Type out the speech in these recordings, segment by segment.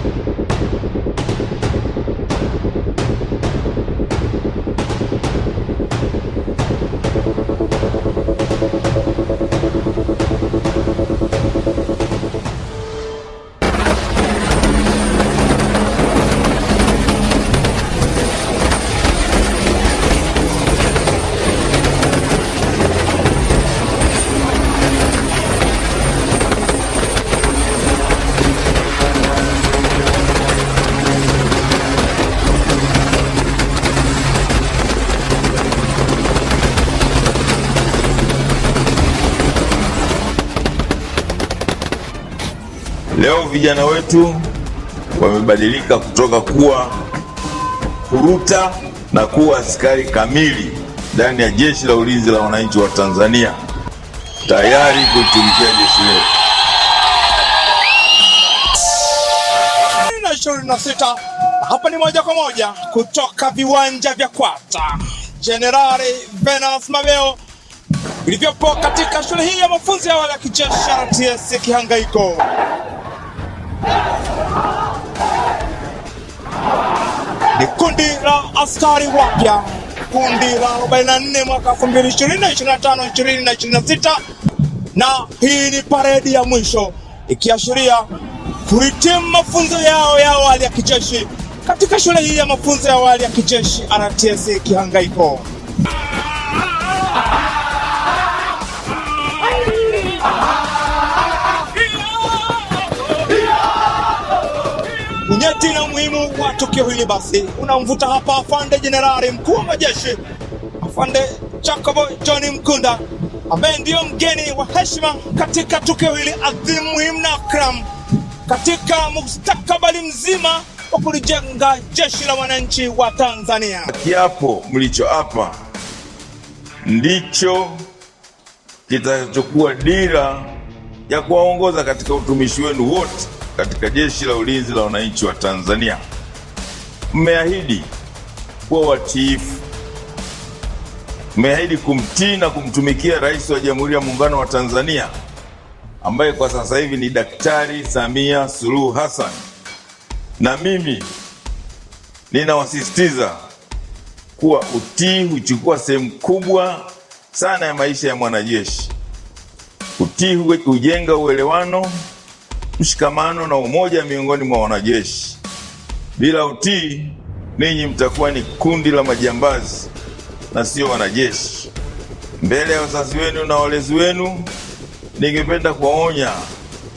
Thank you. Leo vijana wetu wamebadilika kutoka kuwa kuruta na kuwa askari kamili ndani ya Jeshi la Ulinzi la Wananchi wa Tanzania, tayari kuitumikia jeshi letu. ishirini na sita hapa ni moja kwa moja kutoka viwanja vya Kwata Jenerali Venance Mabeo vilivyopo katika shule hii ya mafunzo ya awali ya kijeshi RTS Kihangaiko. ni kundi la askari wapya, kundi la 44 mwaka 2025 2026, na hii ni paredi ya mwisho ikiashiria kuhitimu mafunzo yao ya awali ya kijeshi katika shule hii ya mafunzo ya awali ya kijeshi RTC Kihangaiko. tukio hili basi unamvuta hapa afande jenerali mkuu wa majeshi afande Jacobo John Mkunda ambaye ndiyo mgeni wa heshima katika tukio hili adhimu muhimu na akram katika mustakabali mzima wa kulijenga jeshi la wananchi wa Tanzania. Kiapo mlichoapa ndicho kitachokuwa dira ya kuwaongoza katika utumishi wenu wote katika jeshi la ulinzi la wananchi wa Tanzania mmeahidi kuwa watiifu, mmeahidi kumtii na kumtumikia Rais wa Jamhuri ya Muungano wa Tanzania ambaye kwa sasa hivi ni Daktari Samia Suluhu Hassan, na mimi ninawasisitiza kuwa utii huchukua sehemu kubwa sana ya maisha ya mwanajeshi. Utii hujenga uelewano, mshikamano na umoja miongoni mwa wanajeshi. Bila utii, ninyi mtakuwa ni kundi la majambazi na sio wanajeshi. Mbele ya wazazi wenu na walezi wenu, ningependa kuwaonya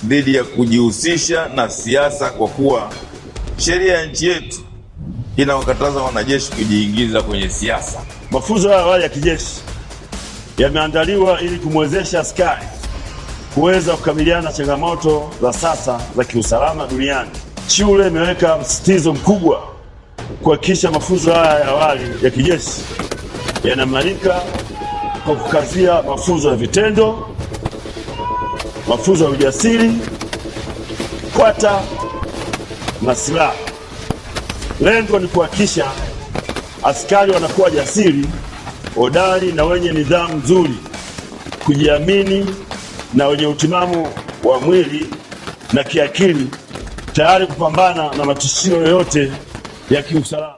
dhidi ya kujihusisha na siasa, kwa kuwa sheria ya nchi yetu inawakataza wanajeshi kujiingiza kwenye siasa. Mafunzo ya awali ya kijeshi yameandaliwa ili kumwezesha askari kuweza kukabiliana na changamoto za sasa za kiusalama duniani shule imeweka msitizo mkubwa kuhakikisha mafunzo haya ya awali ya kijeshi yanamalika kwa kukazia mafunzo ya vitendo, mafunzo ya ujasiri, kwata na silaha. Lengo ni kuhakikisha askari wanakuwa jasiri, hodari na wenye nidhamu nzuri, kujiamini na wenye utimamu wa mwili na kiakili tayari kupambana na matishio yoyote ya kiusalama.